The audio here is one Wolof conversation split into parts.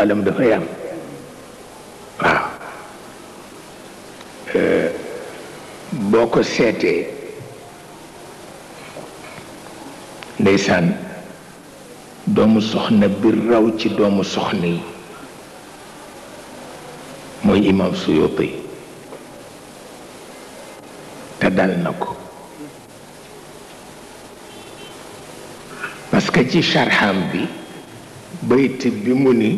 xalam dafay am waaw euh, boo ko seetee ndeysaan doomu soxna bi raw ci doomu soxna yi mooy imam Suyuti te dal na ko parce ci charxam bi bayt bi mu ni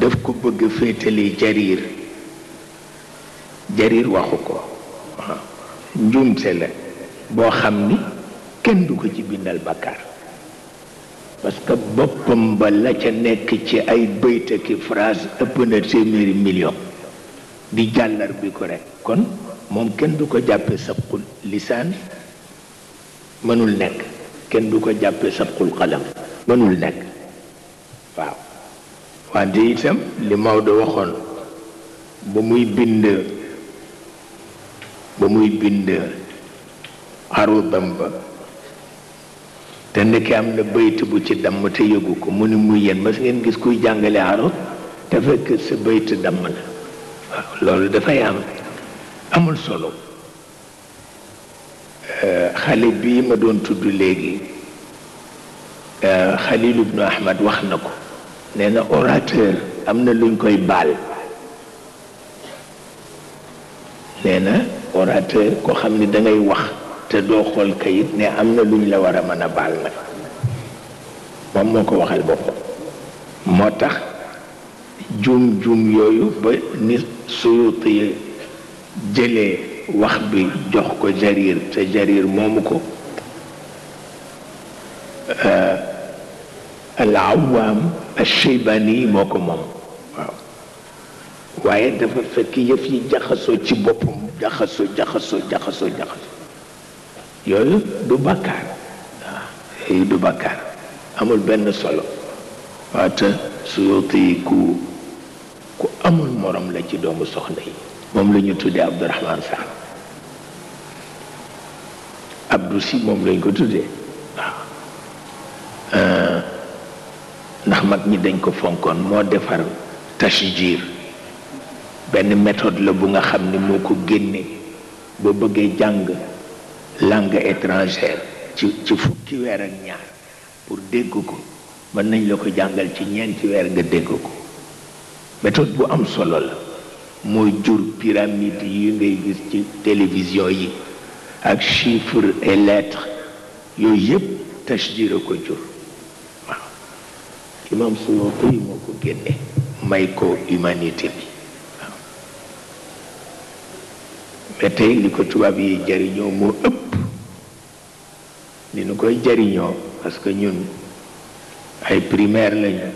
def ko bëgg féetali jarir jarir waxu ko waaw la boo xam ni kenn du ko ci bindal bàkkaar parce que boppam ba la ca nekk ci ay bayt ak phrase ëpp na téeméeri million di jàllar bi ko rek kon moom kenn du ko jàppe sabqul lisaan mënul nekk kenn du ko jàppe sabqul qalam mënul nekk waaw wante itam li Maodo waxoon ba muy bind ba muy bind arudam ba te ndeke am na bayt bu ci damm te yëgu ko mu ni muy yéen mas ngeen gis kuy jàngale arud te fekk loolu dafay am amul solo euh, xale bii ma doon tudd léegi euh, xalilu bnu ahmad wax na ko nee na orateur am na luñ koy baal nee na orateur koo xam ni dangay wax te doo xool kayit ne am na luñ la war a mën a baal nag moom moo ko waxal boppam moo tax jum juum yooyu ba nit suyut yi jëlee wax bi jox ko jarir te jarir moomu ko euh, al awaam Cheybani yi moo ko moom waaw waaye dafa fekk yëf yi jaxasoo ci boppum jaxasoo jaxasoo jaxasoo jaxasoo yooyu du bàkkaar du bàkkaar amul benn solo waate Suyuti ku ku amul morom la ci doomu soxna yi moom la ñu tuddee Abdourahman Sax Abdou Si moom lañ ko tuddee waaw euh, mag ñi dañ ko fonkoon moo defar tashjir benn méthode la bu nga xam ne moo ko génne boo bëggee jàng langue étrangère ci ci fukki weer ak ñaar pour dégg ko mën nañ la ko jàngal ci ñeenti weer nga dégg ko méthode bu am solo la mooy jur pyramide yi ngay gis ci télévision yi ak chiffre et lettres yooyu yëpp tashjir a ko jur imam Suyuti yi moo ko génne may ko humanité bi waaw mais tey li ko tubaab yi jariñoo moo ëpp li nu koy jariñoo parce que ñun ay primaire lañu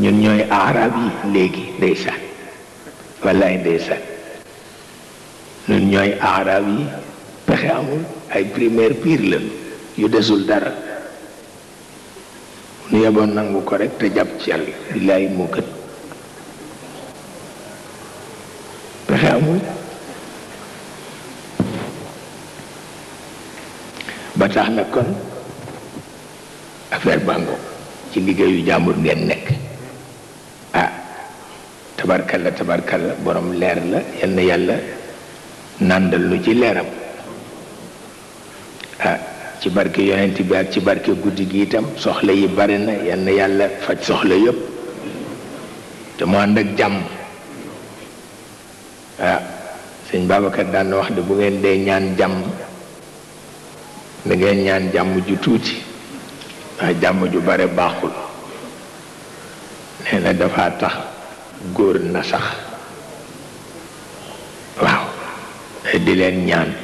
ñun ñooy arab yi léegi ndeysaan wallaay ndeysaan ñun ñooy arab yi pexe amul ay primaire pire lañu yu desul dara nu yeboon nangu ko rek te jàpp ci yàlla billaay moo gën pexe amul ba tax na kon affaire bàngo ci liggéeyu jàmbur ngeen nekk ah tabarkalla tabarkalla borom leer la yal yàlla nàndal lu ci leeram ci barke yonent bi ak ci barke guddi gi itam soxla yi bari na yenn yàlla faj soxla yépp te mu ànd ak jàmm waaw ah, sëñ Babacar daan wax de bu ngeen dee ñaan jàmm da ngeen ñaan jàmm ju tuuti ndax jàmm ju bare baaxul nee na dafa tax góor na sax waaw di leen ñaan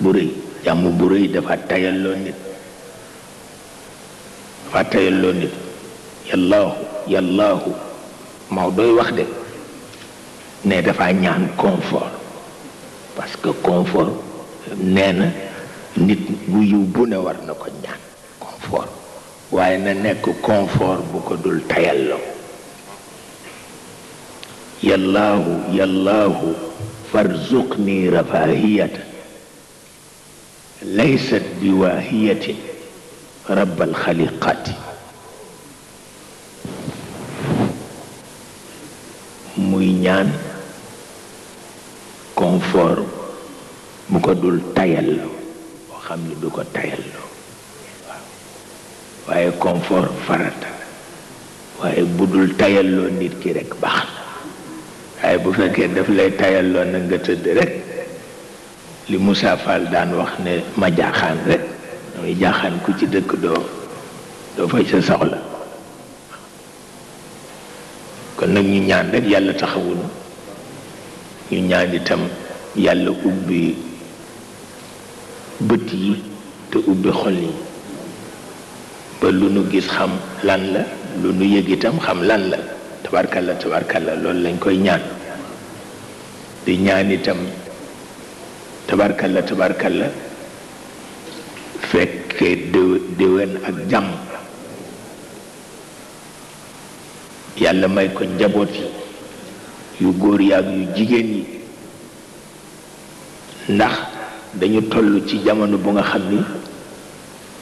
bu rëy buri bu rëy dafa tayalloo nit dafa tayalloo nit yallaahu yallaahu maw doy wax de ne dafa ñaan confort parce que confort nee na nit bu yiw bu ne war na ko ñaan confort waaye na nekk confort bu ko dul tayalloo yallaahu yallaahu farzuqni rafahiyata ليست بواهية رب الخليقات مينان كونفور مقدول تايل وخامل دوكا تايل واي كونفور فرات واي بودول تايل لو نيت كي رك باخ اي بو فكه تايل لو نغا تد li Moussa Fall daan wax ne ma jaaxaan rek damay jaaxaan ku ci dëkk doo doo fay sa soxla kon nag ñu ñaan rek yàlla taxawuñu ñu ñaan itam yàlla ubbi bët yi te ubbi xol yi ba lu nu gis xam lan la lu nu yëg itam xam lan la tabarkalla tabarkalla loolu lañ koy ñaan di ñaan itam tabarkalla tabarkalla fekkee déwén ak jàmm yàlla may ko njaboot yi yu góor yaag yu jigéen yi ndax dañu tollu ci jamono bu nga xam ni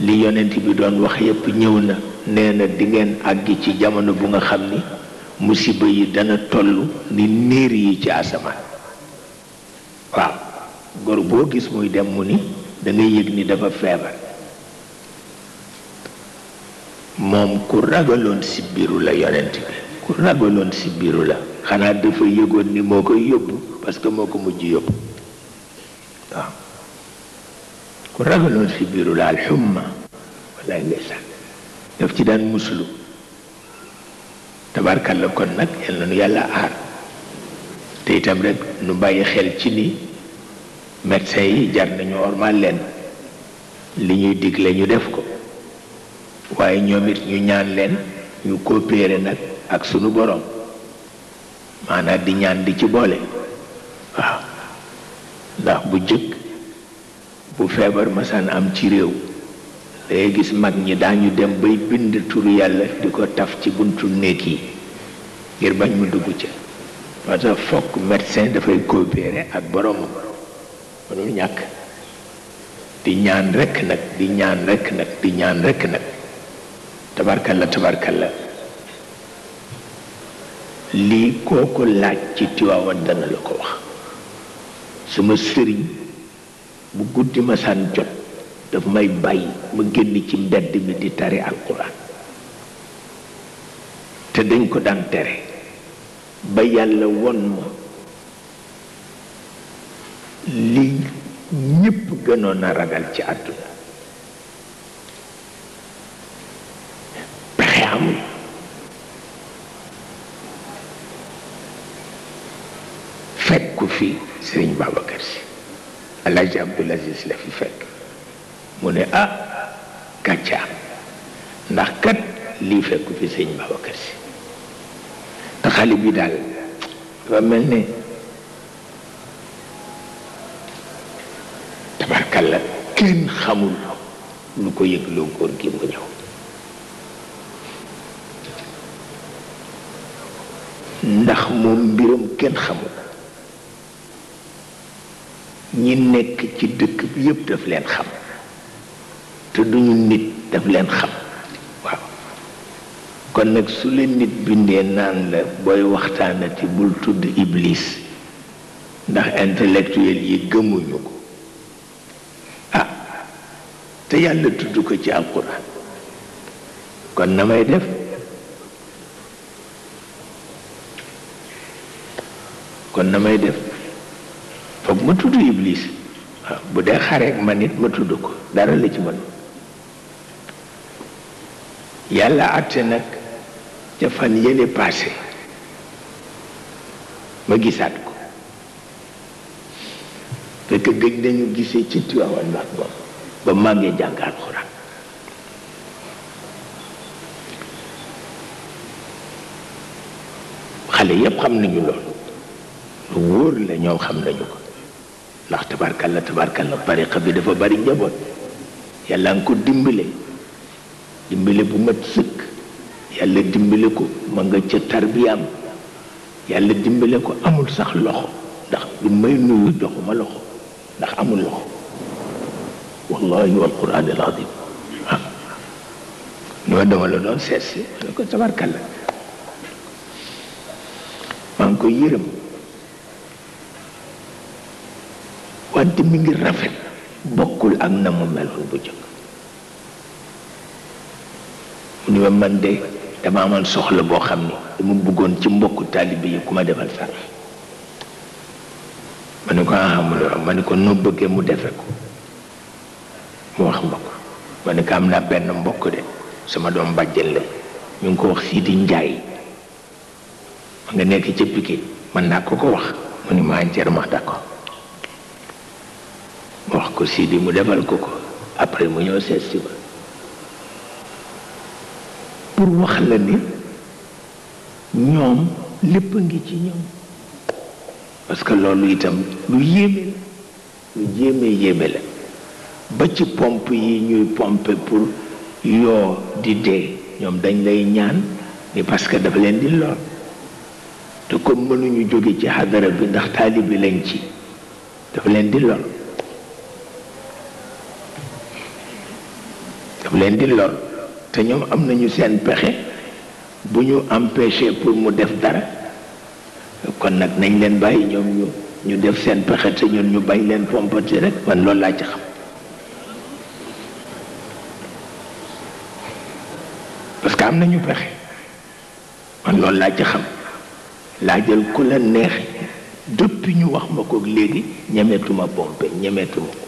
li yonent bi doon wax yépp ñëw na nee dingeen di àggi ci jamono bu nga xam ni musiba yi dana toll ni niir yi ci asamaan waaw góor boo gis muy dem mu ni da yëg ni dafa feebar moom ku ragaloon si biiru la yonent ku ragaloon si la xanaa dafa yëgoon ni moo koy yóbbu parce que moo ko mujj yóbbu waaw ku ragaloon si la alxumma walaay ci daan muslu tabarkalla kon nag yal na nu yàlla aar te itam rek nu bàyyi xel ci ni médecin yi jar nañu ormal leen li ñuy digle ñu def ko waaye ñoom it ñu ñaan leen ñu coopéré nag ak sunu boroom maanaam di ñaan di ci boole waaw ndax bu jëkk bu feebar masaan am ci réew day gis mag ñi daañu dem bay bind turu yàlla di ko taf ci buntu néeg yi ngir bañ mu dugg ca parce que fokk médecin dafay coopéré ak boromam mënul ñàkk di ñaan rekk nag di ñaan rekk nag di ñaan rekk nag tabarkalla tabarkalla lii kooko laaj ci Tiwaawan dana la ko wax sama sëriñ bu guddi masaan jot daf may bàyyi ma génn ci mbedd mi di tari alquran te dañ ko daan tere ba yàlla won ma li ñépp gënoon na ragal ci àdduna pexe amul fekku fi sëriñ Babacar Si Alaaji Abdul Aziz la fi fekk mu ne ah gàccaam ndax kat lii fekku fi sëriñ Babacar Si te xale bi daal dafa ne kala ken xamul lu ko lo ngor gi mo ñëw ndax mom mbiram ken xamul ñi nekk ci dëkk bi yëpp daf leen xam te duñu nit daf leen xam waaw kon nag su nit bindee naan la booy waxtaanati bul tudd iblis ndax intellectuel yi gëmuñu ko te yàlla tudd ko ci alquran kon na may def kon na may def foog ma tudd iblis bu dee xareek ma nit ma tudd ko dara la ci mën yàlla àtte nag ca fan yële passé ma gisaat ko fekk gëj nañu gisee ci Tiwaawan ndax moom memanggil jangkar orang xale yépp xam nañu loolu lu wóor la ñoom xam nañu ko ndax tabarkalla tabarkalla tariqa bi dafa bari njaboot yàlla nga ko dimbale dimbale bu mat sëkk yàlla dimbale ko ma nga ca tarbiyaam yàlla dimbale ko amul sax loxo ndax bi may nuyu joxuma loxo ndax amul loxo wallahi wal quraan al azim waaw dama la doon seet si ne ko tabarkalla maa ngi koy yërëm wante mi ngi rafet bokkul am na mu meloon bu jëkk mu ni ma man de dama amoon soxla boo xam ni dama bëggoon ci mbokku taalibe yi ku ma defal sarax ma ne ko ah ma ne ko noo bëggee mu defe ko mu wax ma ko ma ne am naa benn mbokk de sama doom bàjjen la ñu ngi ko wax sii Sidi Njaay ma nga nekk ca Piquet man naa ko ko wax mu ni ma entièrement d'accord ma wax ko Sidi mu defal ko ko après mu ñëw seet si ma pour wax la ni ñoom lépp a ngi ci ñoom parce que loolu itam lu yéeme la lu yéeme yéeme la ba ci pompe yi ñuy pompe pour yoo di dee ñoom dañ lay ñaan ni parce que dafa leen di lor te comme mënuñu jóge ci xadara bi ndax taalib bi lañ ci dafa leen di lor leen di te ñoom am nañu seen pexe bu ñu empêché pour mu def dara kon nag nañ leen bàyyi ñoom ñu ñu def seen pexe te ñun ñu bañ leen pompati rek man loolu laa ci xam parce que am nañu pexe man loolu laa ci xam laajal ku la neex depuis ñu wax ma ko léegi ñemeetuma pompe ñemeetuma ko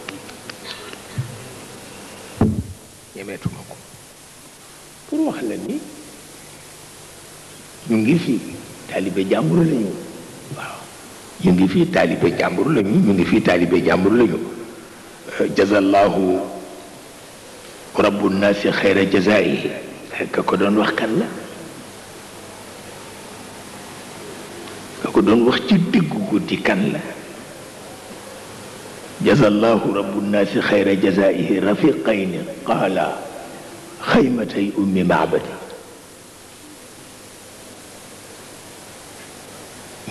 ñemeetuma ko pour wax la ni ñu ngi fii talibé jamburu lañu waaw ñu ngi fi talibé jamburu lañu ñu ngi fi talibé jamburu lañu jazallahu rabbun nnaasi khayra jazaihi ka ko doon wax kan la ka ko doon wax ci diggu guddi kan la jazallahu rabu nnaasi xayra jazaihi rafiqayni qaala xaymatay ummi maabadi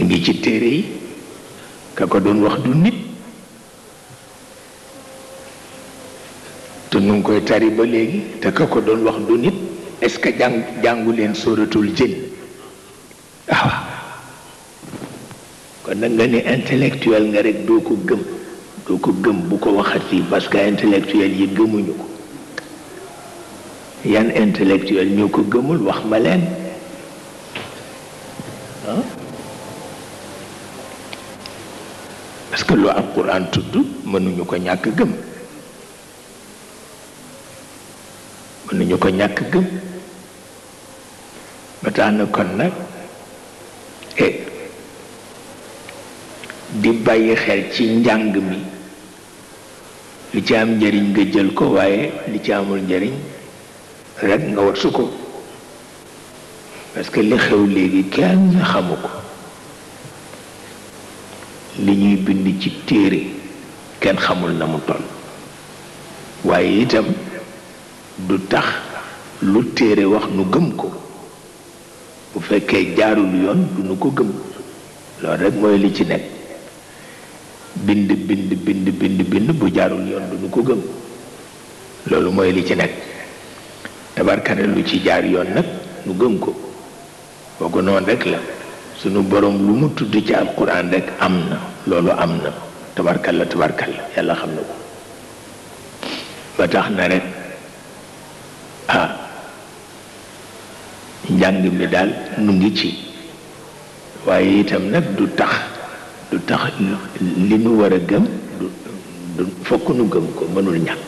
mi ngi ci téere yi ka ko doon wax du nit te nu ngi koy tari ba léegi te ka ko doon wax du nit est-ce que jàng jàngu leen sóoratul jën waaw ah. kon nag nga ne intellectuel nga rek doo ko gëm doo ko gëm bu ko waxati fii que intellectuel yi gëmuñu ko yan intellectuel ñoo ko gëmul wax ma leen ah. parce que lu alquran tudd mënuñu ko ñàkk gëm mënuñu ko ñàkk gëm ba tax na nag eh, di bàyyi xel ci njàng mi li ci am njëriñ nga jël ko waaye li ci amul njariñ rek nga wat su ko parce que li xew léegi kenn xamu ko li ñuy bind ci téere kenn xamul na mu toll waaye itam du tax lu téere wax nu gëm ko bu fekkee jaarul yoon du nu ko gëm loolu rek mooy li ci nekk bind bind bind bind bu jaarul yoon du nu ko gëm loolu mooy li ci nekk tabarkane lu ci jaar yoon nag mu gëm ko boo ko noonu rek la sunu boroom lu mu tudd ci alquran rek am na loolu am na tabarkalla tabarkalla yàlla xam na ko ba tax na rek ah njàng mi daal nu ngi ci waaye itam nag du tax du tax li nu war a gëm du fokk nu gëm ko mënul ñàkk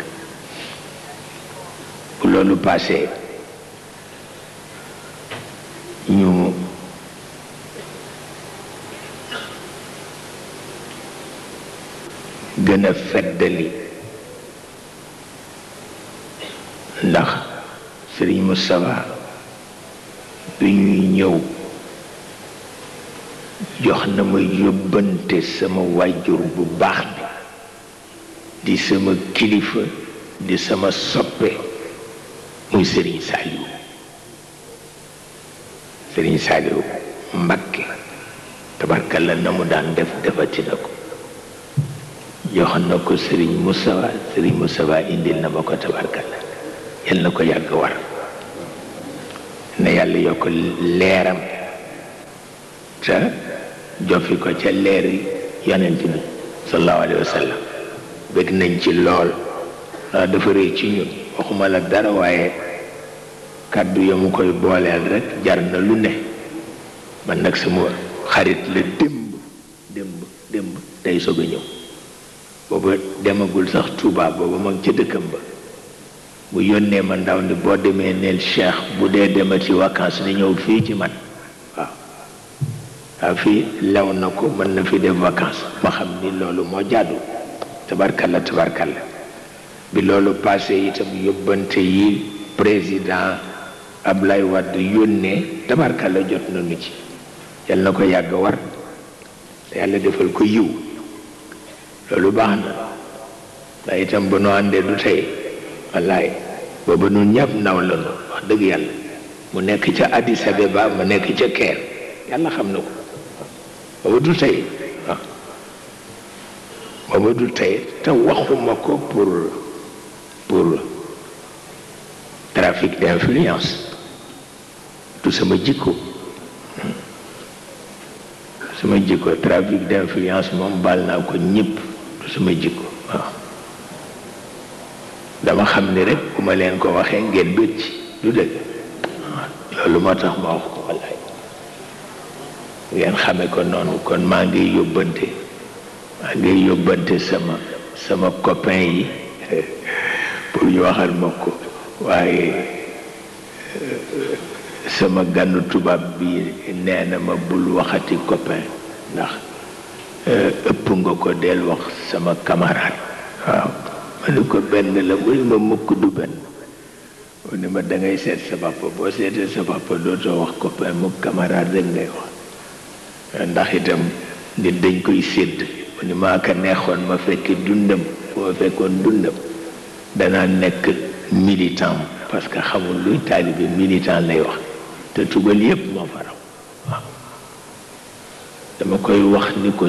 bu loolu paasee ñu gën a feddali ndax Sëriñ Moustapha bi ñuy ñëw jox na ma yóbbante sama wàjjur bu baax bi di sama kilifa di sama soppe muy sëriñ Saaliw sëriñ Saaliw Mbakke tabarkalla na mu daan def defati na ko jox na ko sëriñ Musaa sëriñ Musaa indil na ma ko tabarkalla yal na ko yàgg war na yàlla yokk leeram te jofi ko ca leeri yonent bi sallallahu alayhi wa sallam bëgg nañ ci lool ndax ah, dafa rëy ci ñun waxuma la dara waaye kàddu ya mu koy booleel rek jar na lu ne man nag sama xarit la démb démb démb tey soog a ñëw booba demagul sax Tuubaa booba ma ca dëkkam ba bu yónnee ma ndaw ni boo demee neel cheikh bu dee dem a ci vacances na ñëw fii ci man waaw ah. ah, waaw fii lew na ko mën na fi def vacances ma xam ni loolu moo jàddu tabarkalla tabarkalla bi loolu passé itam yóbbante yi président Ablaye Wade yónnee tabarkalla jot nañu ci yal na ko yàgg war te yàlla defal ko yiw loolu baax na ndax itam ba nu àndee du tey wallaay booba nun ñëpp ndaw la nu wax dëgg yàlla mu nekk ca Addis Abeba mu nekk ca Caire yàlla xam na ko booba du tey booba du tey te waxuma ko pour pour trafic d'influence du sama jikko sama jikko trafic d'influence moom baal naa ko ñëpp du sama jikko waaw dama xam ni rek bu ma leen ko waxee ngeen bët ci du dëgg loolu moo tax ma wax ko wallaay ngeen xame ko noonu kon maa ngi yóbbante maa ngi yóbbante sama sama copain yi pour ñu waxal ma ko waaye euh, sama gànnu tubaab bi nee na ma bul waxati copain ndax euh, ëpp nga ko del wax sama camarade waaw ma ko benn la mu ma mukk du benn mu ne ma dangay seet sa papa boo seetee sa papa dootoo wax copain mu camarade rek ngay wax ndax itam nit dañ koy sédd mu ne ma neexoon ma fekk dundam boo fekkoon dundam danaa nekk militant parce que xamul luy taalibe militant lay wax te tugal yépp moo fa dama koy wax ni ko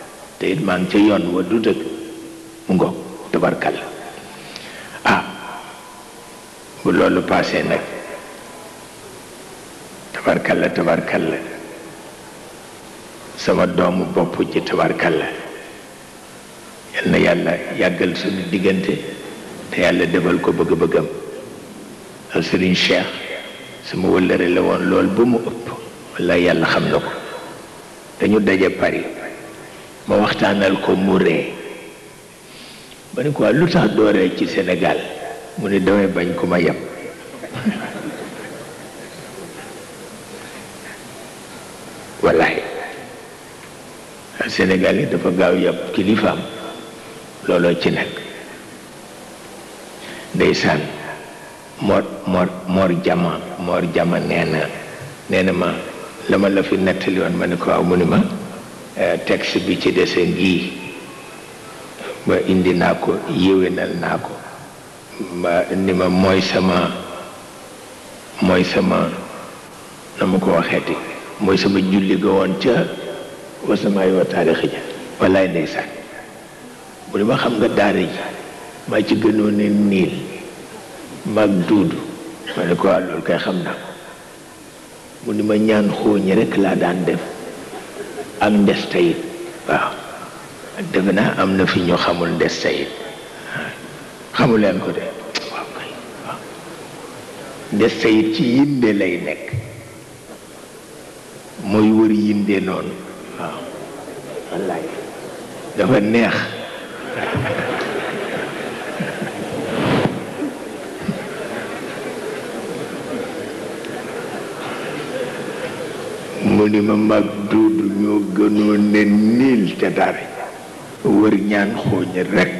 te it maa ngi ca yoon wa du dëgg mu ngoog tubarkal la ah bu loolu paasee nag tubarkal la tubarkal la sama doomu bopp ci tubarkal la yal na yàlla yàggal suñu diggante te yàlla defal ko bëgg-bëggam ak Serigne Cheikh sama wëllëre la woon lool ba mu ëpp walla yàlla xam na ko dañu daje Paris ma waxtaanal ko mu ree ma ne ko lu tax doo ci Sénégal mu ne damay bañ ko ma yem wallaay Sénégal yi dafa gaaw yàpp kilifaam looloo ci nekk ndeysaan moor moor moor jama moor jama nee na na ma la ma la fi nettali ma ne ko waaw mu ni ma Eh, texte bi ci dese ngii ma indi naa ko yéwénal naa ko ma ni ma mooy sama mooy sama na ma ko waxeeti mooy sama julli ga woon ca wasamaay wa taarixi ja wallaay ndeysaan mu ne ma xam nga daara ji maa ci gënoon ne niil maag duudu ma ne ko loolu kay xam naa ko mu ni ma ñaan xooñi rek laa daan def ak ndes tayit waaw dëgg naa am na fi ñu xamul ndes tayit xamuleen ko de ndes tayit ci yinde lay nekk mooy wër yinde noonu waaw dafa neex mu ni ma mag duudu ñoo gënoon ne niil ca dara wër ñaan xooñ rek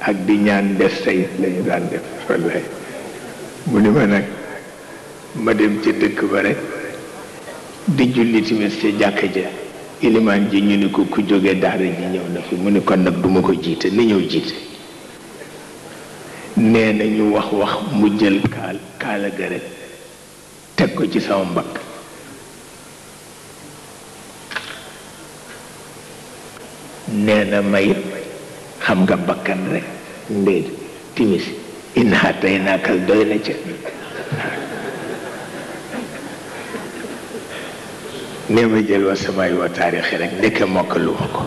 ak di ñaan def sayit lañu daan def wallaay mu ni ma nag ma dem ca dëkk ba rekk di julli timis ca jàkka ja ilimaan ji ñu ni ko ku jóge daara ji ñëw na fi mu ni kon nag duma ko jiite ni ñëw jiite nee na wax wax mu jël kaal kaala ga rek teg ko ci saw mbakk nee na mayit xam nga bakkan rek mbéy timis inaa tey naakal doy na ca nee ma jël wa samay wa taarix rek ndeke mokkalu ko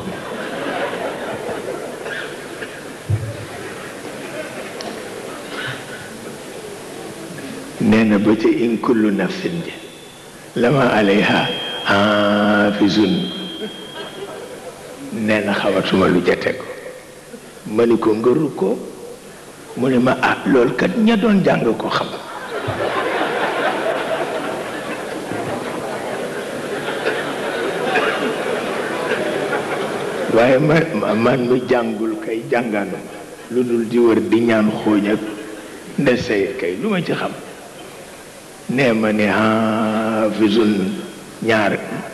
nee na in kullu nafsin ji lama alayha hafizun nee na suma lu jate ko ma ni ko ngëru ko mu ne ma ah loolu kat ña doon jàng ko xam waaye ma man mi jàngul kay jàngaanu lu dul di wër di ñaan xooñ ak ndeseye kay lu ma ci xam nee ma ne xaafisul ah, ñaar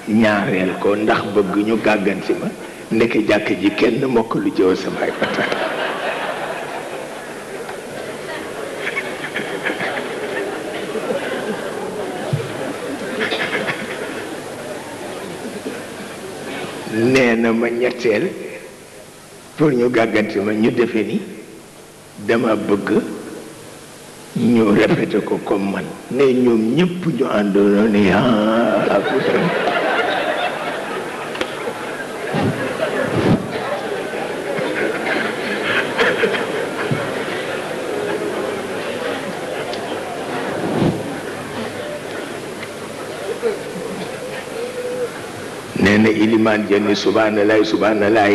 ñaareel ko ndax bëgg ñu gàggan ma ndeke jàkk ji kenn mokk lu jëw samay patal nee na ma ñetteel pour ñu gàggante ma ñu defe ni dama bëgg ñu répété ko comme man ne ñoom ñëpp ñu àndoonoo yaa nee na ilimaan jënni subhanallah subhanallah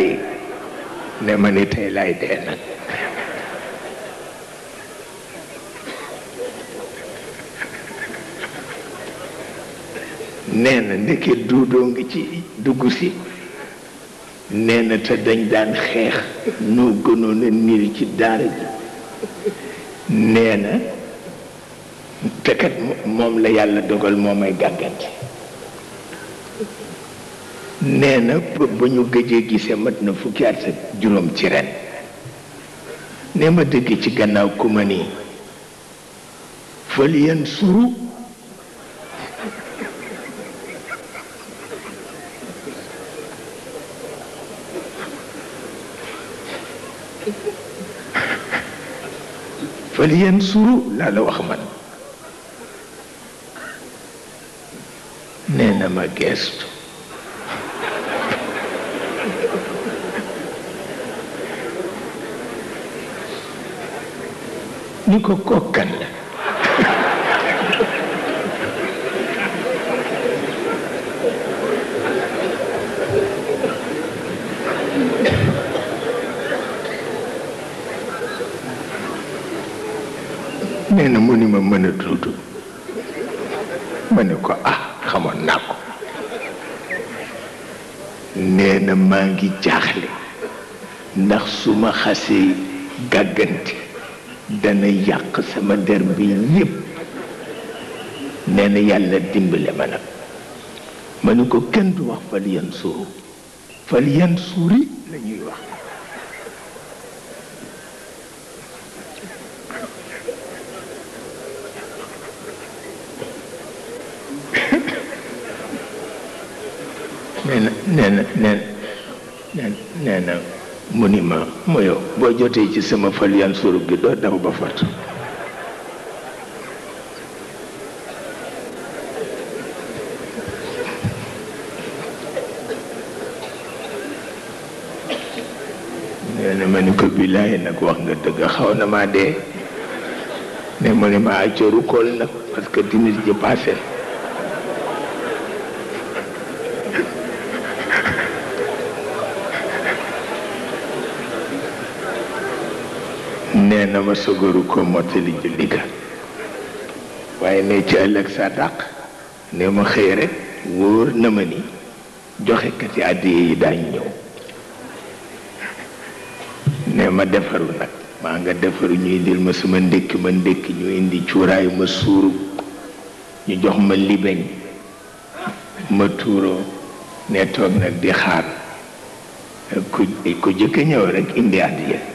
ne ma ni tey laay dee nag nee ndeke duudoo ngi ci dugg si nee na te dañ daan xeex noo gënoon a niir ci daara ji nee na mu moom la yàlla dogal moo may gàggante nee na ba ñu gëjee gisee mat na fukki at ak juróom ci ren nee ma dëgg ci gannaaw ku ma nii fël yenn suru laa la wax man na magesto niko kokana nena moni ma mën a tudd ma ne ko ah xamoon na nee na maa ngi jaaxle ndax su ma xasee gàggante dana yàq sama der bi yépp nee na yàlla dimbale ma nag ma ko kenn du wax fal yan suuru fal suuri la wax neena neena neena neena mu ni ma moyo boo jotee ci sama fal yan surub gi doo daw ba fat neena ma ni ko billaay nag wax nga dëgg xaw na maa dee ne mu ni ma accoru nag parce que timis ji passé nee na ma sogoru ko mottali julli ga waaye ne ci ëllëg sa dàq ne ma xëy rekk wóor na ma ni joxekati àddiya yi daañ ñëw ne ma defaru nag maa nga defaru ñu indil ma sama ndékki ma ndékki ñu indi cuuraay ma suuru ñu jox ma libeñ ma tuuroo ne toog nag di xaar ku ku jëkk ñëw rek indi àddiya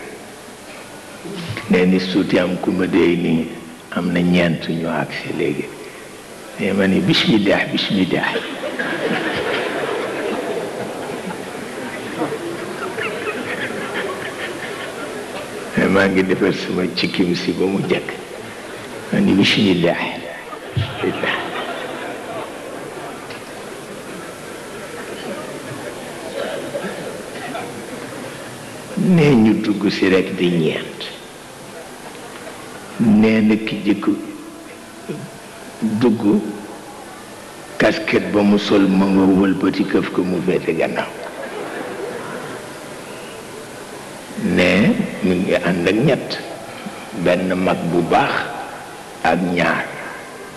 nee ni suuti am ku ma déy nii am na ñeent ñu agsi léegi mais ma ni bismillah bismillah maa ngi defar suma cikkim si ba mu jekk ma ni bismillah bismillah nee ñu dugg si rek di ñeent nee na ki jëkk dugg casquette ba mu sol ma nga wëlbati këf ko mu féete gannaaw ne mu ngi ànd ak ñett benn mag bu baax ak ñaar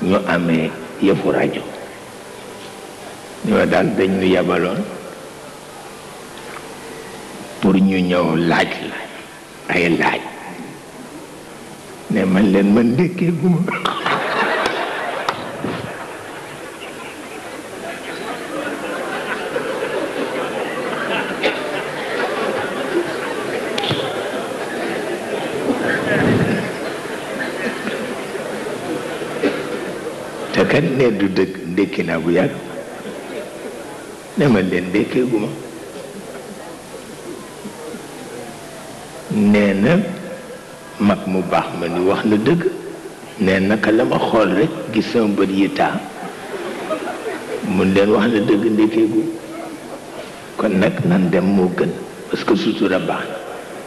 ñu amee yëfu rajo ñoo daal dañ ñu yabaloon pour ñu ñëw laaj la ay laaj ne man leen man ndékkee gu te kat ne du dëgg ndékki bu yàgg ne man leen ndékkee gu nee na mag mu baax ma ni wax na dëgg ne naka la ma xool rek gis sama bët yi taa mun leen wax na dëgg ndekkeegu kon nag nan dem moo gën parce que sutura baax na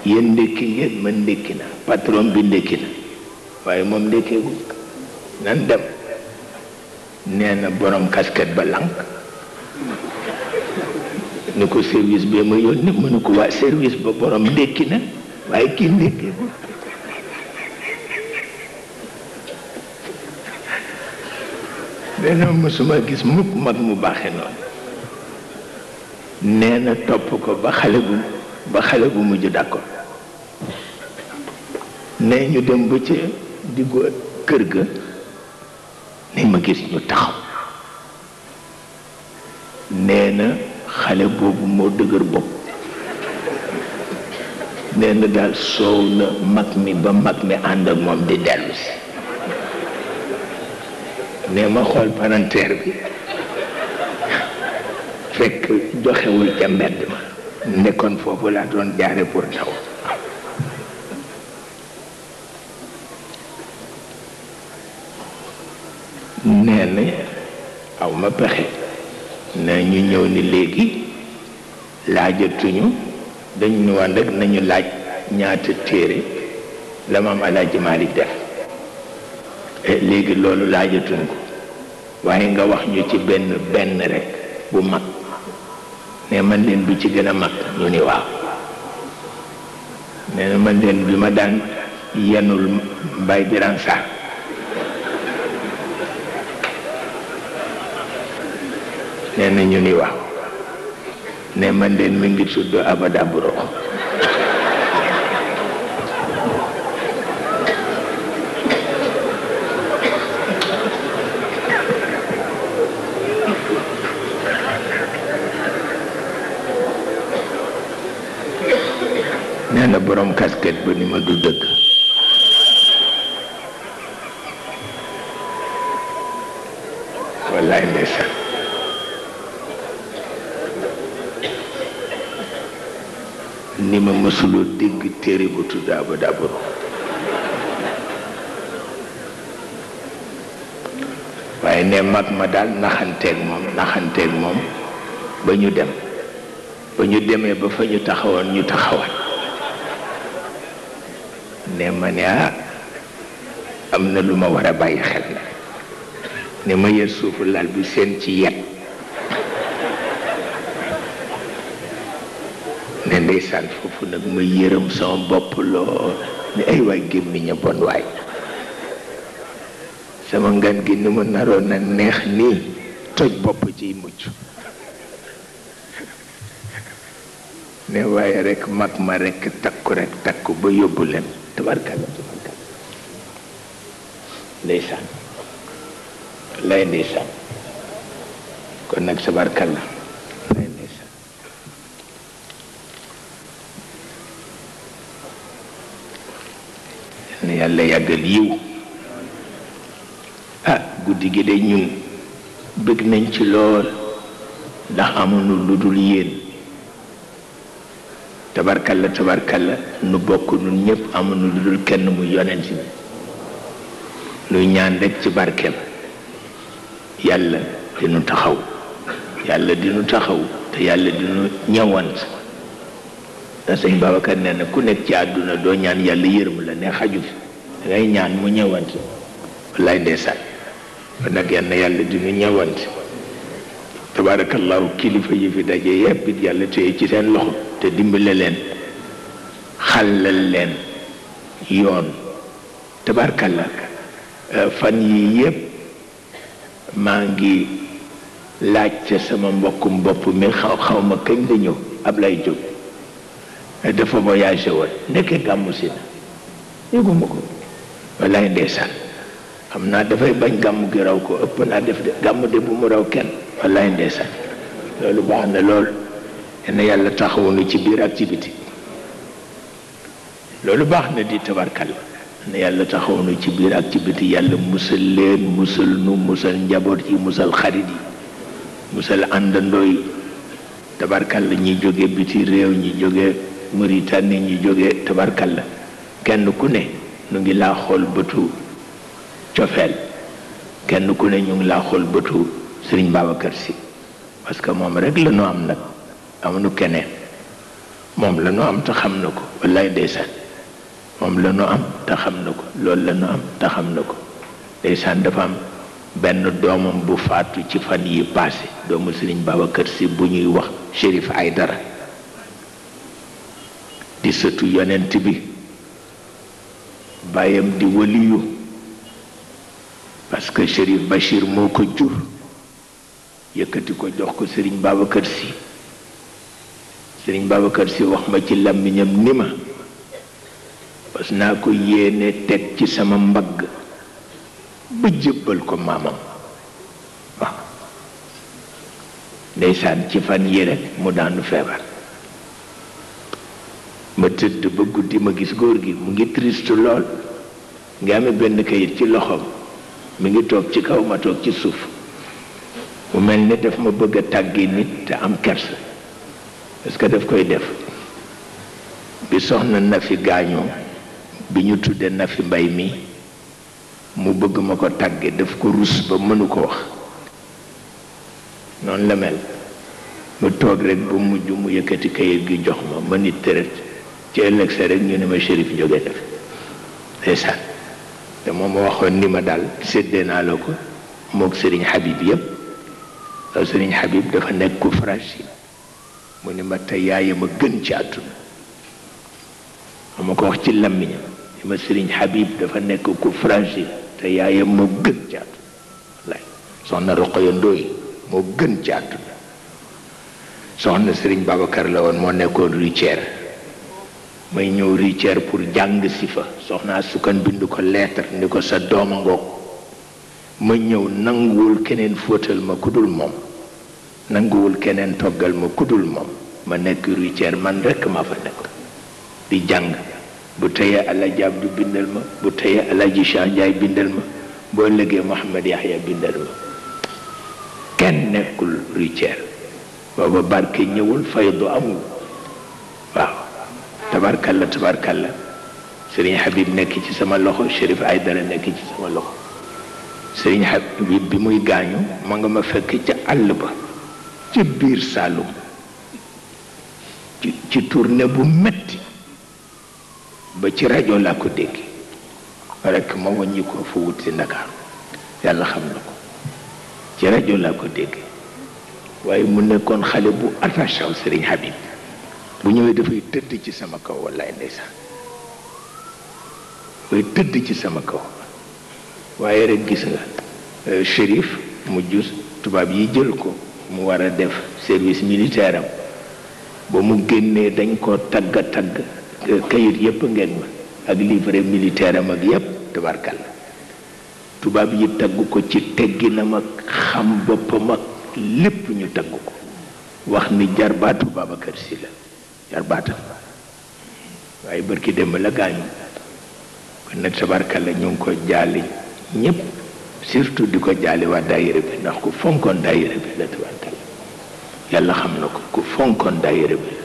yéen ndekki ngeen man ndekki na patron bi ndekki na waaye moom ndekkeegu nan dem nee na borom casquette ba lank ni ko service bi ma yónni mu ne ko waa service ba borom ndekki na waaye kii ndekkeegul dana mësuma gis mukk mag mu baaxe noonu nee na topp ko ba xale bu ba xale bu mujj d'accord nee ñu dem ba ca kër ga ne ma gis ñu taxaw nee na xale boobu moo dëgër bopp nee na daal soow na mag mi ba mag mi ànd ak moom di dellu ne ma xool palanteer bi fekk doxewul ca mbedd ma nekkoon foofu laa doon jaare pour daw nee na aw ma pexe ne ñu ñëw ni léegi laajatuñu dañ ñu wan nañu laaj ñaata téere la maam Alaaji Maalik def eh, léegi loolu laajatuñ ko waaye nga wax ñu ci benn benn rek bu mag ne man leen bu ci gën a mag ñu ni wax nee na leen bi ma daan yenul mbay biran saar nee ñu ni wax ne man leen mi ngi tudd abada bu rox borom kasket bani ma du deug wallahi ndeysaan ni ma mësuloo deug téere bu tudd aba dabaro waaye ne mag ma daal naxanteeg moom naxanteeg moom ba ñu dem ba ñu ba fa ñu ñu taxawat ne ma ne ah am na lu ma war a bàyyi xel na ne ma yër suufu lal bi seen ci yet ne ndeysaan foofu nag ma yërëm sama bopp lool ne ay waay gémmiñ a bon waay sama ngan gi ni mu naroon na neex nii toj bopp ciy mucc ne waaye rekk mag ma rekk takku rekk takku ba yóbbu leen tubarkalla tubarkalla ndeysaan lay ndeysaan kon nag tubarkalla lay ndeysaan na yàlla yàggal yiw ah guddi gi de ñun bëgg nañ ci lool ndax amuñu lu dul yéen tabarkalla tabarkalla nu bokk ñun ñëpp amuñu lu dul kenn mu yonent bi luy ñaan rek ci barke ba yàlla dinu taxaw yàlla dinu taxaw te yàlla dinu ñëwant da sëñ babakar nee na ku nekk ci àdduna doo ñaan yàlla yërëm la ne xaju fi dangay ñaan mu ñëwant wallaay ndeysaan ba nag yal na yàlla dinu ñëwant tabarakallahu kilifa yi fi daje yépp it yàlla téye ci seen loxo te dimbale leen xàllal leen yoon la euh, fan yii yépp maa ngi laaj laajte sama mbokkum bopp mi xaw xaw ma kañ la ñëw ab lay jóg dafa voyagé woon nekkee gàmmu si na yëguma ko wallaay ndeysaan xam naa dafay bañ gàmmu gi raw ko ëpp naa def de gàmmu de bu mu raw kenn wallaay ndeysaan loolu baax na loolu yal na yàlla taxawuñu ci biir ak ci biti loolu baax na di tabarkal na yàlla taxawuñu ci biir ak ci biti yàlla musal leen musal nu musal njaboot yi musal xarit yi musal àndandoo yi tabarkal la ñi jóge biti réew ñi jóge Mauritanie ñi jóge tabarkal la kenn ku ne nu ngi laa xool bëtu cofeel kenn ku ne ñu ngi laa xool bëtu Sëriñ Babacar Si parce que moom rek la nu am nag amuñu keneen moom la am te xam na ko wallaay ndeysaan moom la am te xam na ko lool la am te xam na ko ndeysaan dafa am benn doomam bu faatu ci fan yi paase doomu Serigne Babacar si bu ñuy wax Chérif Aïdara di sëtu yonent bi bàyyam di waliyu parce que Chérif Bachir moo ko jur yëkkati ko jox ko Serigne Babacar Sy sëriñ Babacar si wax ma ci làmmiñam ni ma parce naa ko yéene teg ci sama mbagg ba jébbal ko maamam waaw ndeysaan ci fan yi rek mu daanu feebar ma tëdd ba guddi ma gis góor gi mu ngi triste lool nga amee benn kayit ci loxoom mu ngi toog ci kaw ma toog ci suuf mu mel ni daf ma bëgg a tàggi nit te am kersa parce que daf koy def bi soxna na fi gaañoo bi ñu tuddee na fi mbay mi mu bëgg ma ko tàgge daf ko rus ba mënu ko wax noonu la mel mu toog rek ba mujj mu yëkkati kayit gi jox ma ma nit tërët ci ëllëg sa rek ñu ne ma shérif jóge na fi ndeysaan te moom ma waxoon ni ma daal séddee naa la ko mook sëriñ Habib yépp sëriñ Habib dafa nekk ku fragile mu ni ma te yaay ma gën ci àdduna ma ko wax ci làmmiñam li ma sëriñ Habib dafa nekk ku fragile te yaayam moo gën ci àdduna wallaay soxna Roqaya Ndooy moo sëriñ Babacar la woon moo nekkoon Richard may ñëw Richard pour jàng si fa soxnaa sukkan bind ko lettre ni ko sa dooma ngoog ma ñëw nanguwul keneen fóotal ma ku dul moom nanguwul keneen toggal ma ku dul moom ma nekk routière man rekk ma fa nekk di jàng bu teyee alaji Abdu bindal ma bu teyee alaji Cheikh Ndiaye bindal ma boo lëggee Mouhamed Yahya bindal ma kenn nekkul routière booba barke ñëwul faydu amul waaw tabarkalla tabarkalla sëriñ Habib nekk ci sama loxo Chérif Aydara nekk ci sama loxo sëriñ Habib bi muy gaañu ma nga ma fekk ca àll ba ca biir Saalum ci turne bu metti ba ci rajo laa ko dégg rekk ma wàññi ko fa wut si Ndakaaru yàlla xam na ko ci rajo laa ko dégg waaye mu nekkoon xale bu attaché wu Serigne bu ñëwee dafay tëdd ci sama kaw wallaay ci sama kaw waaye rek gis nga euh, mu jus tubaab yi jël ko mu war a def service militaire bo mu génné dañ ko tagga tagg eh, kayit yépp ngeen ma ak livre militaire am ak yépp tabarkal tubaab yi tagg ko ci tegginam ak xam boppam ak lépp ñu tagg ko wax ni jarbaatu babacar si la jarbaatam waaye barki dem la gaañu kon nag tabarkal ñu ngi ko jaali ñépp surtout di ko jaali waa daayira bi ndax ku fonkoon daayira bi la tabarkal yalla xam na ko ku fonkoon Ken bi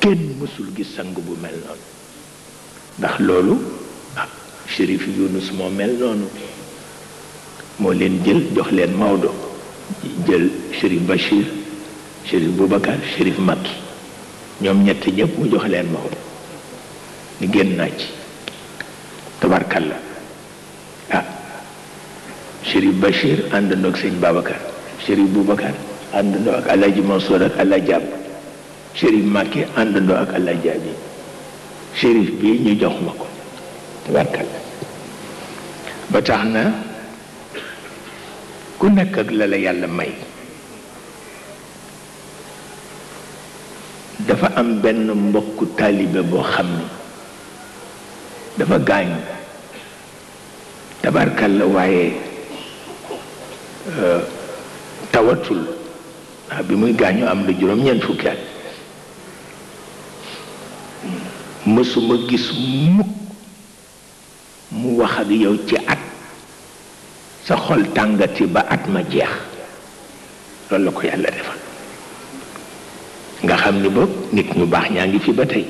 kenn mësul gis sang bu mel noonu ndax loolu ah yunus moo mel noonu moo leen jël jox leen mawdo jël shérif bachir shérif boubacar shérif makki ñoom ñett ñëpp mu jox leen mawdo ni génn naa ci tabarkalla ah shérif bachir àndandoog sëñ babacar shérif boubacar àndandoo ak alaaji Mansour ak alaaji Abdu Chérif Màkke àndandoo ak alaaji Abi Chérif bi ñu jox ma ko tabarkalla ba tax na ku nekk ak la la yàlla may dafa am benn mbokk taalibe boo xam ni dafa gaañu tabarkalla waaye euh, tawatul waaw ah, bi muy gaañu am na juróom-ñeent fukki at mësuma gis mukk mu wax ak yow ci at sa xol tàngati ba at ma jeex loolu la ko yàlla defal nga xam ni boog nit ñu baax ñaa ngi fi ba tey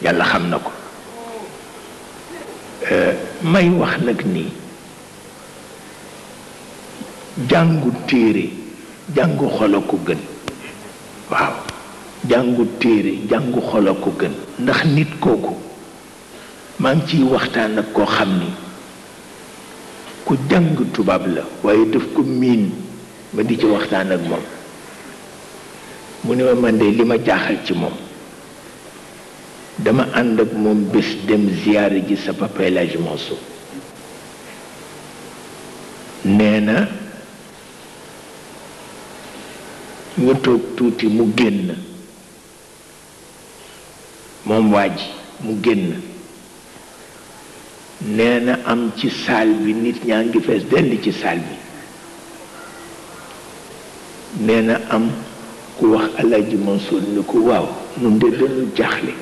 yàlla xam na ko euh, may wax nag nii jàngu téere jàngu xol a ko gën waaw jàngu téere jàngu xol ko gën ndax nit kooku maa ngi ciy waxtaan ak koo xam ni ku jàng tubaab la waaye daf ko miin ma di ci waxtaan ak moom mu ne ma man de li ma jaaxal ci moom dama ànd ak moom bés dem ziyaare ji sa Papa El nee na ñu tuuti mu génn moom waa ji mu génn nee na am ci saal bi nit ñaa ngi fees dell ci saal bi nee na am ku wax Alaaji Mansour ni ko waaw nun de dañu jaaxle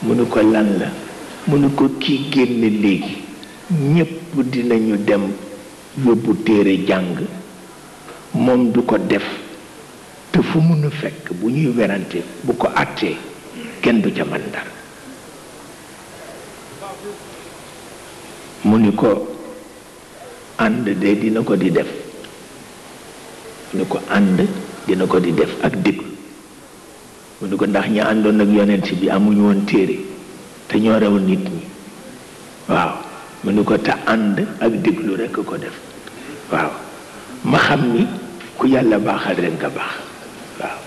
mu ne ko lan la mu ne ko kii génn léegi ñépp dinañu dem yóbbu téere jàng mom du ko def te fu mu a fekk bu ñuy werante bu ko atté kenn du ca man mu ni ko ànd de dina ko di def ni ko ànd dina ko di def ak dig mu ni ko ndax ñi àndoon ak yonent bi amuñu woon téere te ñoo rew nit ñi waaw mu ni ko te ànd ak déglu rek ko def waaw ma xam ku yàlla baaxal rek nga baax waaw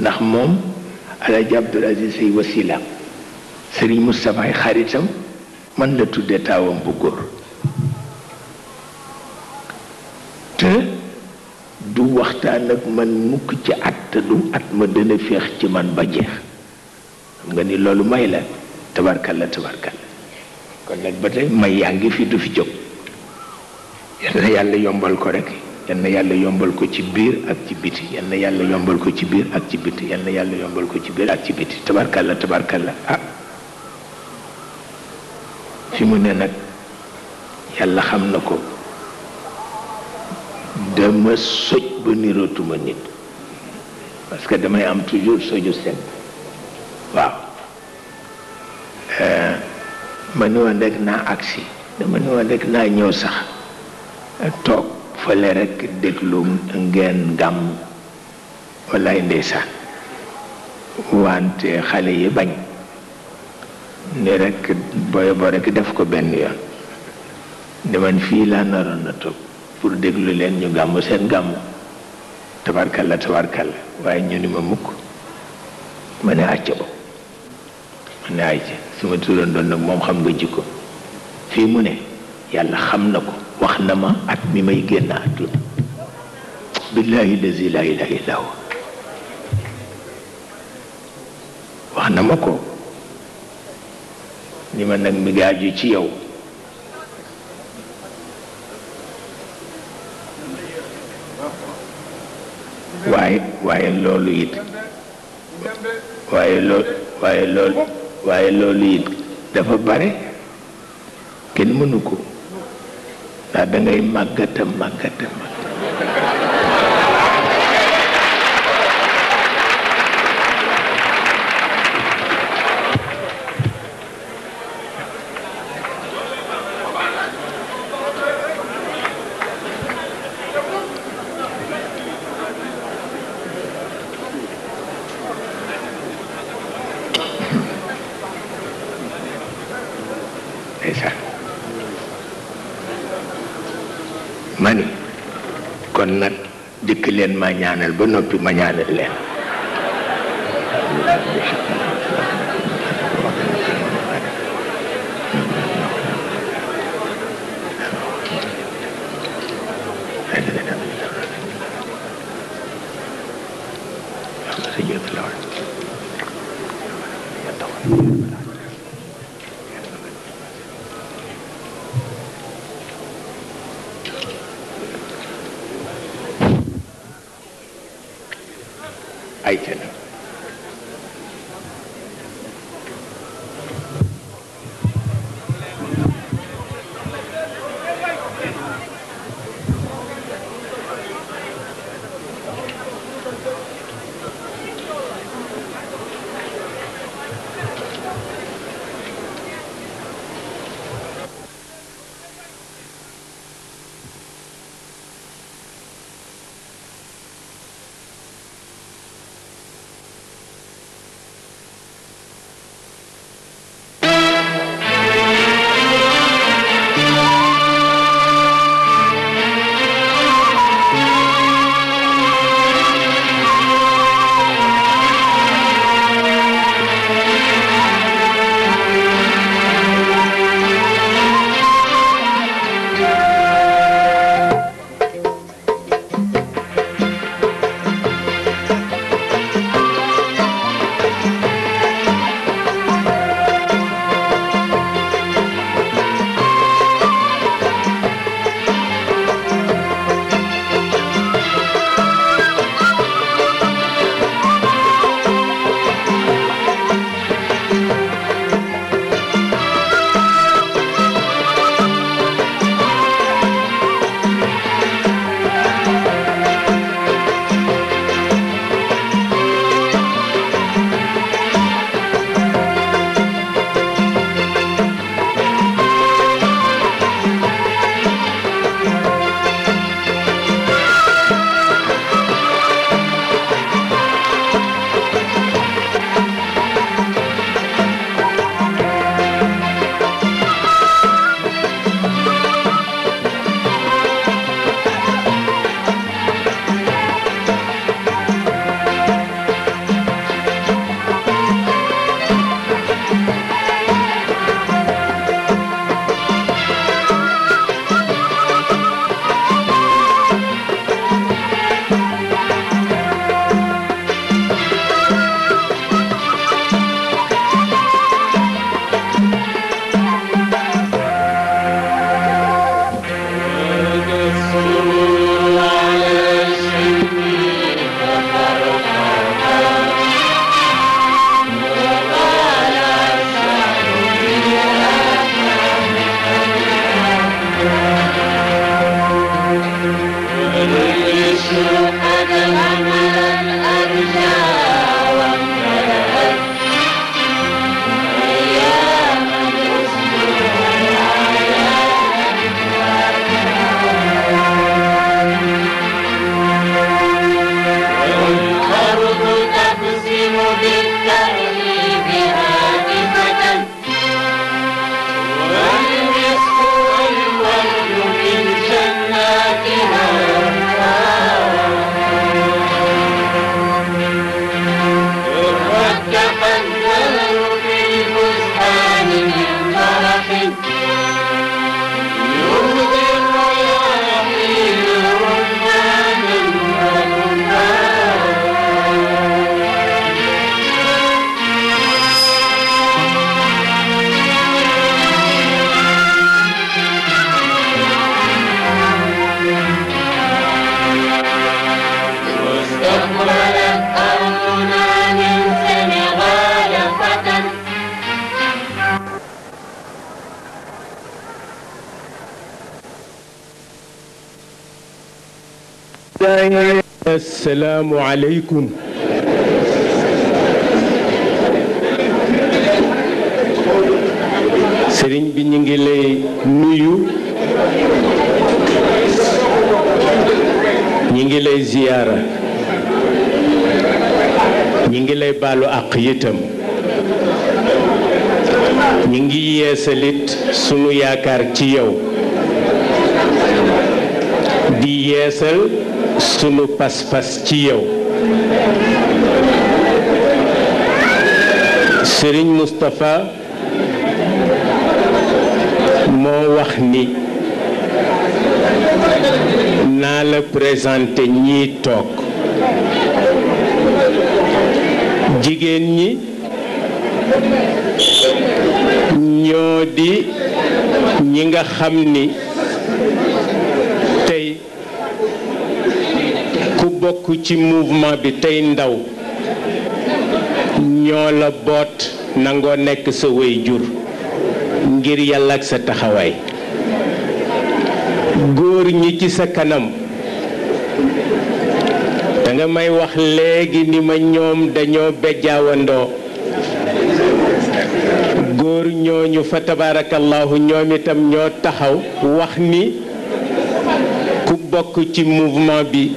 ndax moom alaaji abdul aziz wasilaam sëriñ Moustapha ay xaritam man la tudde taawam bu góor te du waxtaan ak man mukk ci at at ma dana féex ci man ba jeex xam nga ni loolu may la tabarkal la tabarkal kon nag ba tey may yaa ngi fi du fi jóg yàlla yombal ko rek yal na yàlla yombal ko ci biir ak ci biti yal na yàlla yombal ko ci biir ak ci biti yal na yàlla yombal ko ci biir ak ci biti tabarkalla tabarkalla ah fi mu ne nag yàlla xam na ko dama soj ba nirootuma nit parce que damay am toujours soju seen waaw euh, ma ni woon rek naa agsi dama ni woon rek naa ñëw sax toog fële rekk déglu ngeen ngam walaay ndeysaan wante xale yi bañ ni rekk booy boo rekk def ko benn yoon ni man fii laa naroon na toog pour déglu leen ñu gàmm seen gàmm tabarkalla tabarkalla waaye ñu ni ma mukk ma ne àcc ba ma ne àcc su ma turandoon nag moom xam nga jikko fii mu ne yàlla xam na ko wax na ma at mi may génn àdduna billahi lazi la ilaha illa wax na ma ko ni ma nag mi ci yow waaye waaye loolu it waaye lool waaye lool loolu it dafa bare kenn mënu ko ndax dangay màggata màggata màgg mañana, bueno, tu mañana, Elena. assalaamu aleykum sëriñ bi ñu ngi lay nuyu ñi ngi lay ziyaara ñi ngi lay balu àq yitam ñi ngi yeesalit sunu yaakaar ci yow di yeesal sunu pas-pas ci yow sëriñ Moustapha moo wax ni naa la présenté ñiy toog jigéen ñi ñoo di ñi nga xam ni bokk ci mouvement bi tey ndaw ñoo la boot nangoo nekk sa wéy ngir yàlla sa taxawaay góor ñi ci sa kanam da may wax léegi ni ma ñoom dañoo bejjaawandoo góor ñooñu fa tabaarakallaahu ñoom itam ñoo taxaw wax ni ku bokk ci mouvement bi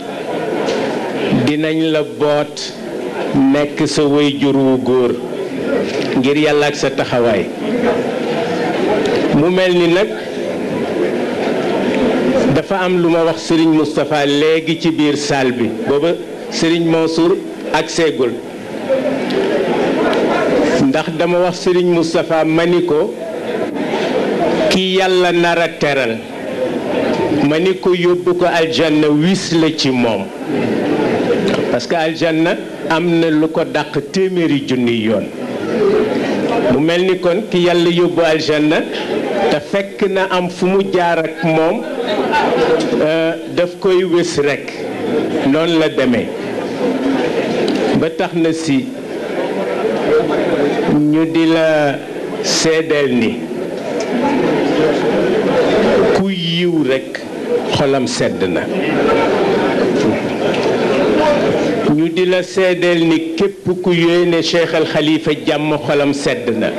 dinañ la boot nekk sa waajur wu góor ngir yàlla ak sa taxawaay mu mel ni nag dafa am lu ma wax sëriñ Moustapha léegi ci biir saal bi booba sëriñ Mansour ak seegul ndax dama wax sëriñ Moustapha ma ni ko ki yàlla nar teral ma ni ko yóbbu ko aljanna wis la ci moom parce que aljanna am na lu ko dàq téeméeri junni yoon mu mel ni kon ki yàlla yóbbu aljanna te fekk na am fu mu jaar ak moom euh, daf koy wés rekk noon la demee ba tax na si ñu di la seedeel ni ku yiw rekk xolam sedd na di la seedeel ni képp ku yéene Cheikh Al jàmm xolam sedd na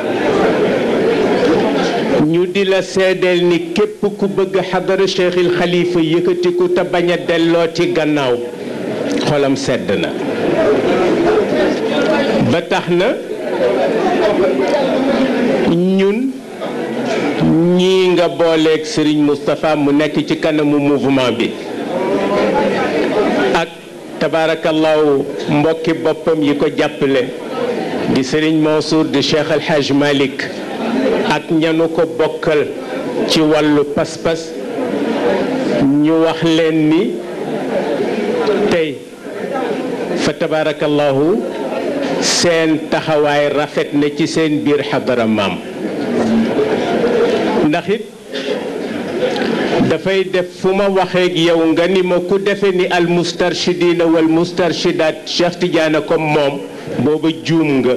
ñu di la seedeel ni képp ku bëgg xadara Cheikh Al yëkkatiku te bañ a delloo ci gannaaw xolam sedd na ba tax na ñun ñi nga booleeg Serigne Moustapha mu nekk ci kanamu mouvement bi tabaarakallahu mbokki boppam yi ko jàppale di sëriñ Mansour di Cheikh El Hadj Malick ak ñanu ko bokkal ci wàllu pas-pas ñu wax leen ni tey fa tabaarakallahu seen taxawaay rafet na ci seen biir xadara maam ndax it dafay def fu ma waxeeg yow nga ni ma ku defe ni al mustarshidina wal mustarshidaat Cheikh Tidiane comme moom booba juum nga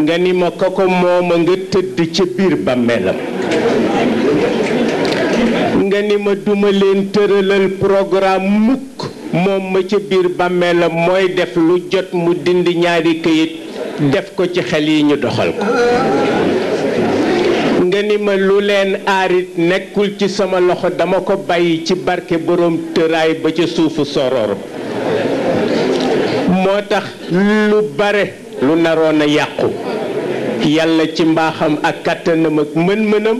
nga ni ma ko ko mooma nga tëdd ca biir bàmmeelam nga ni ma duma leen tëralal programme mukk moom ma ca biir bàmmeelam mooy def lu jot mu dindi ñaari këyit def ko ci xel yi ñu doxal ko nga ni ma lu leen aarit nekkul ci sama loxo dama ko bàyyi ci barke boroom tëraay ba ca suufu soror moo tax lu bare lu naroon a yàqu yàlla ci mbaaxam ak kàttanam mën-mënam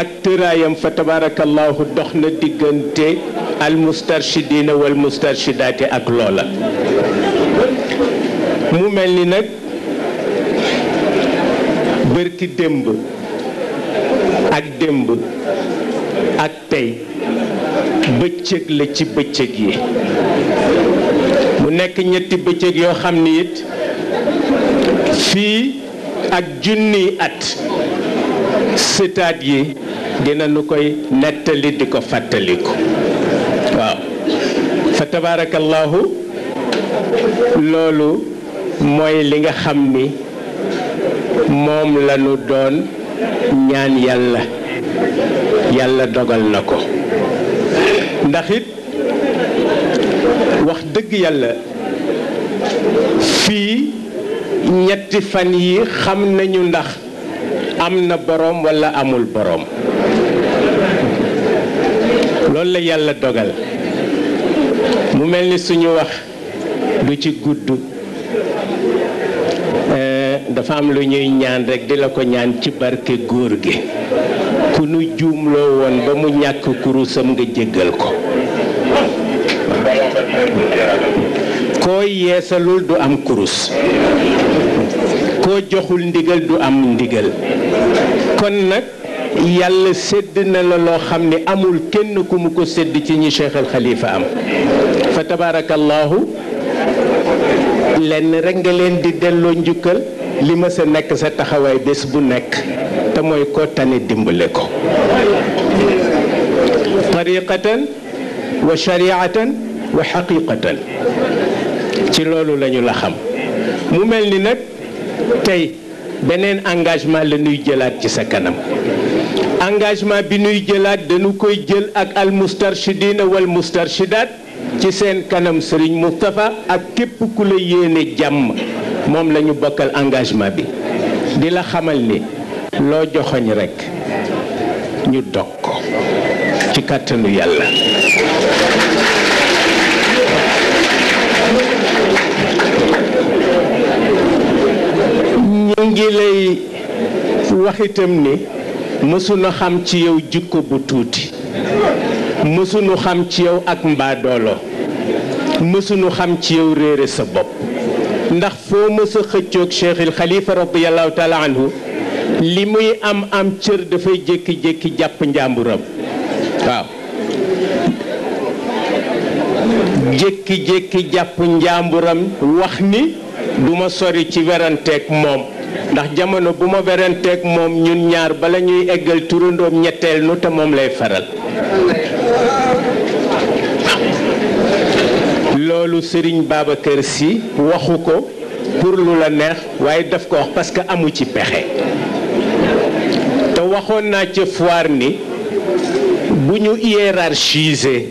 ak tëraayam fa tabaarakallaahu dox na diggante almustarshidina wal mustarshidaati ak loola mu mel ni nag bërki démb ak démb ak tey bëccëg la ci bëccëg yi mu nekk ñetti bëccëg yoo xam ni it fii ak junniy at sëtaat yi dina nu koy nettali di ko fàttaliku waaw fa tabaarakallaahu loolu mooy li nga xam ni moom la doon ñaan yàlla yàlla dogal na ko ndax it wax dëgg yàlla fii ñetti fan yi xam nañu ndax am na boroom walla amul boroom loolu la yàlla dogal mu mel ni suñu wax du ci gudd dafa am lu ñuy ñaan rekk di la ko ñaan ci barke góor gi ku nu juumloo woon ba mu ñàkk kurusam nga jéggal ko koo yeesalul du am kurus koo joxul ndigal du am ndigal kon nag yàlla sedd na la loo xam ne amul kenn ku mu ko sedd ci ñi Cheikh al am fa tabaarakallaahu lenn rek nga leen di delloo njukkal li ma sa nekk sa taxawaay bés bu nekk te mooy ko tane dimbale ko tariqatan wa shariatan wa xaqiqatan ci loolu lañu la xam mu mel ni nag tey beneen engagement la ñuy jëlaat ci sa kanam engagement bi nuy jëlaat danu koy jël ak al mustarshidina wal mustarshidat ci seen kanam Serigne Moustapha ak képp ku la yéene jàmm moom lañu bokkal engagement bi di la xamal ni loo joxoñ rekk ñu dog ko ci kàttanu yàlla ñu ngi lay waxitam ni mësunu xam ci yow jikko bu tuuti mësunu xam ci yow ak mbaadoolo mësunu xam ci yow réere sa bopp ndax foo mësa xëccoog cheikh il xalifa radiallahu taala anhu li muy am am cër dafay jékki-jékki jàpp njàmburam waaw jékki-jékki jàpp njàmburam wax ni duma sori ci weranteeg moom ndax jamono bu ma weranteeg moom ñun ñaar bala ñuy eggal turandoom ñetteel nu te moom lay faral lu loolu Serigne kër si waxu ko pour lu la neex waaye daf ko wax parce que amu ci pexe te waxoon naa ca foire ni bu ñu hiérarchiser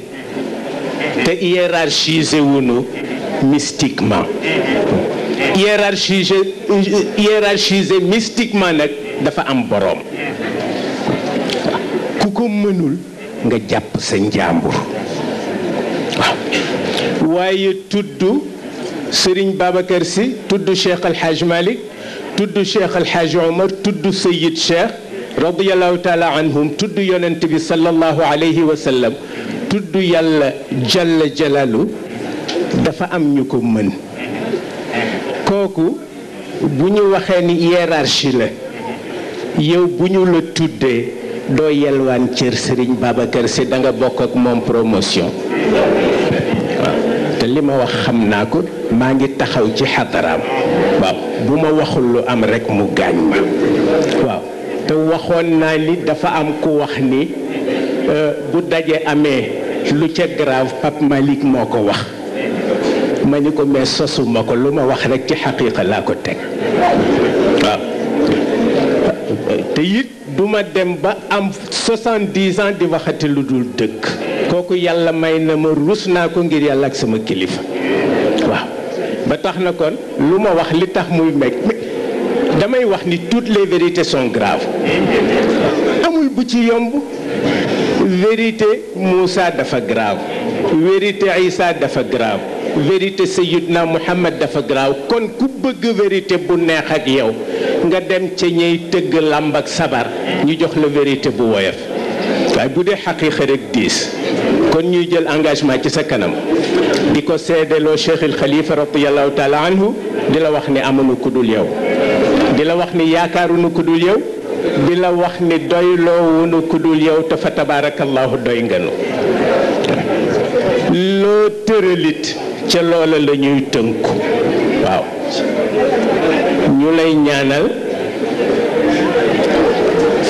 te hiérarchiser wuñu mystiquement hiérarchiser hiérarchiser mystiquement nag dafa am boroom ku ko mënul nga jàpp sa njàmbur waaye tudd sëriñ Babacar Sy tudd Cheikh El Hadj Malick tudd Cheikh El Hadj tudd Seyyid Cheikh radiallahu taala anhum tudd yonent bi sallallahu alayhi wa sallam tudd yàlla jalla jalalu dafa am ñu ko mën kooku bu ñu waxee ni hiérarchie la yow bu ñu la tuddee doo yelwaan cër Serigne Babacar Sy da nga bokk ak moom promotion li ma wax xam naa ko maa ngi taxaw ci xadaraam waaw bu ma waxul lu am rek mu gaañ ma waaw te waxoon naa ni dafa am ku wax ni euh, bu daje amee lu ca grave Pape Malick moo ko wax ma ni ko mais sosuma ko lu ma wax rek ci xaqiiqa laa ko teg waaw te it duma dem ba am 70 ans di waxate lu dul dëkk kooku yàlla may na ma rus naa ko ngir yàlla ak sama kilifa waaw ba tax na kon lu ma wax li tax muy meg damay wax ni toutes les vérités sont graves amul bu ci yomb vérité Moussa dafa grave vérité Isa dafa grave vérité Seyyidna Muhammad dafa grave kon ku bëgg vérité bu neex ak yow nga dem ci ñey teug làmb ak sabar ñu jox la vérité bu woyef way bu dé haqiqa rek dis kon ñuy jël engagement ci sa kanam diko ko lo Cheikh al Khalifa radiallahu taala anhu dila wax ni amuñu ku dul yow dila wax ni yaakaaruñu ku dul yow dila wax ni doyloo wunu ku dul yow ta fa tabaarakallahu doy nganu lo tëralit ci loola la ñuy tënku waaw ñu lay ñaanal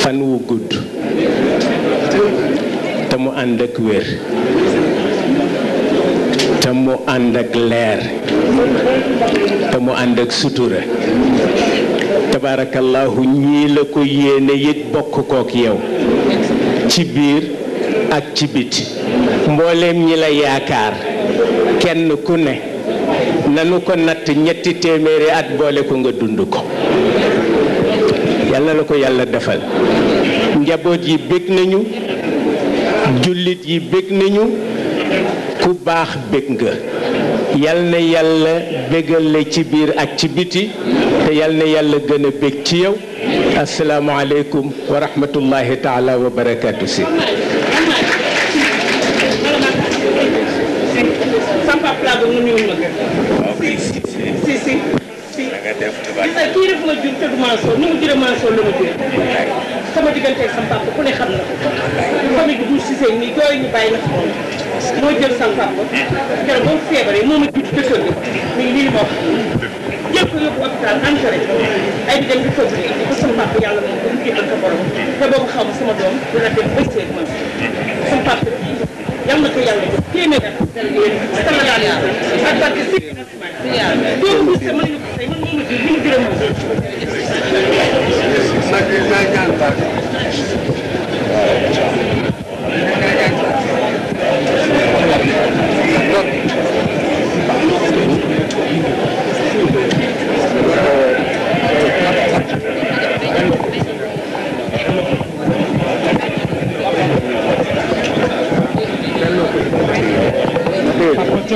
fan wu gudd te mu ànd ak wér te mu ànd ak leer te mu ànd ak sutura tabarakallahu ñii la ko yéene yit bokk kook yow ci biir ak ci biti mbooleem ñi la yaakaar kenn ku ne nanu ko natt ñetti téeméeri at boole ko nga dund ko na la ko yàlla defal njaboot yi bég nañu jullit yi bég nañu ku baax bég nga yal na yàlla bégal ci biir ak ci biti te yal na yàlla gën a ci yow asalaamualeykum wa rahmatullahi taala wa barakatu si gis nga kii rek ma jur te du Mansour ni mu jure Mansour la ma jure sama digganteeg sama papa ku ne xam na ko famille bi bu Cissé nii jooy ñu bàyyi na ko moom moo jël sama papa keroog ba mu feebaree moo ma jur ci dëkkër bi mi ngi nii ma wax jël ko yóbbu hôpital entré ay di dem di fëgg di ko sama papa yàlla moom ba mu jébbal ko borom te boobu xaw ma sama doom dina dem bëccëg man sama papa yal na ko yàlla def téeméer sallallahu alayhi wa sallam ak barke si doon bu sa mën ko tey man moom la ñu gërëm moom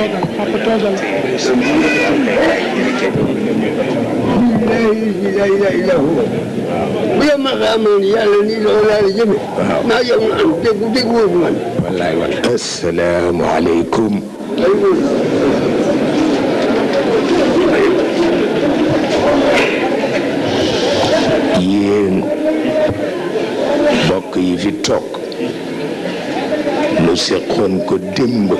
toogal papa toogal. bu la ma xamoon yàlla nii loolu laa la jëme. maa yow ma am dégg dégg wóobu man. wallaay wallaay. asalaamaaleykum. yéen bokk yi fi toog. lu seqoon ko démb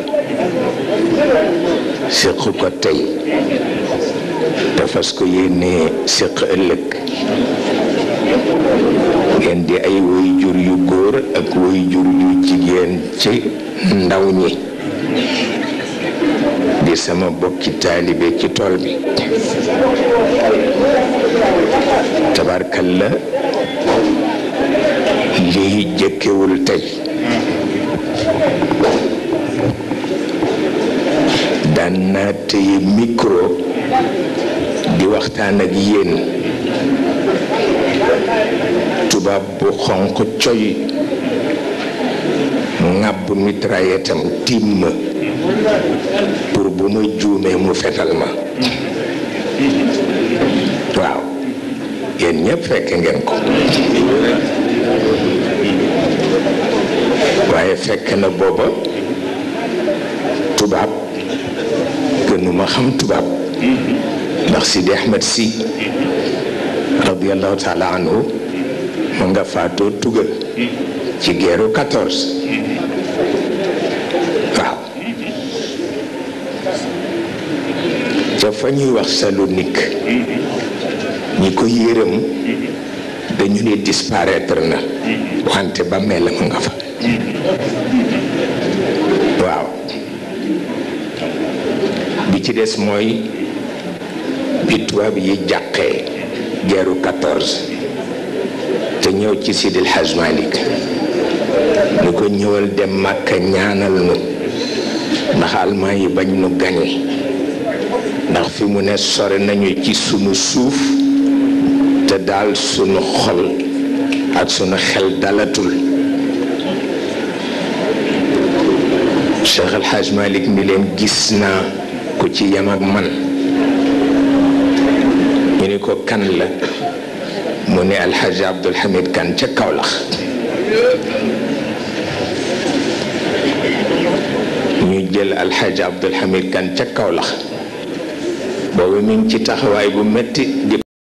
séq ko tey te fas ko yéenee séq ëllëg ngeen di ay woy yu góor ak woy yu jigéen ci ndaw ñi di sama bokki taalibe ci tool bi tabarkalla lii jëkkewul tey mën naa téye micro di waxtaan ak yéen tubaab bu xonq coy ŋàbb mitraillette am tiim ma pour bu ma juumee mu fetal ma waaw yéen ñëpp fekk ngeen ko waaye fekk na booba tubaab nu ma xam tubaab ndax Sidi Ahmed si radiallahu taala anhu ma nga faatoo tugal ci geeru 14 waaw ca ñuy wax Salonique ñi ko yërëm dañu ne disparaître na wante ba mel ma nga fa ci des mooy bi tubaab yi jàqee geeru 14 te ñëw ci Sidil Hadj Malick ñu ko ñëwal dem màkka ñaanal nu ndax yi bañ nu ndax fi mu ne sore nañu ci sunu suuf te sunu xol ak sunu xel dalatul Cheikh El Hadj Malick mi ci yem man ñu ni ko kan mu ne alxaji abdul hamid kan ca kawlax ñu jël alxaji abdul hamid kan ca kawlax boobu mi ngi ci taxawaay bu metti di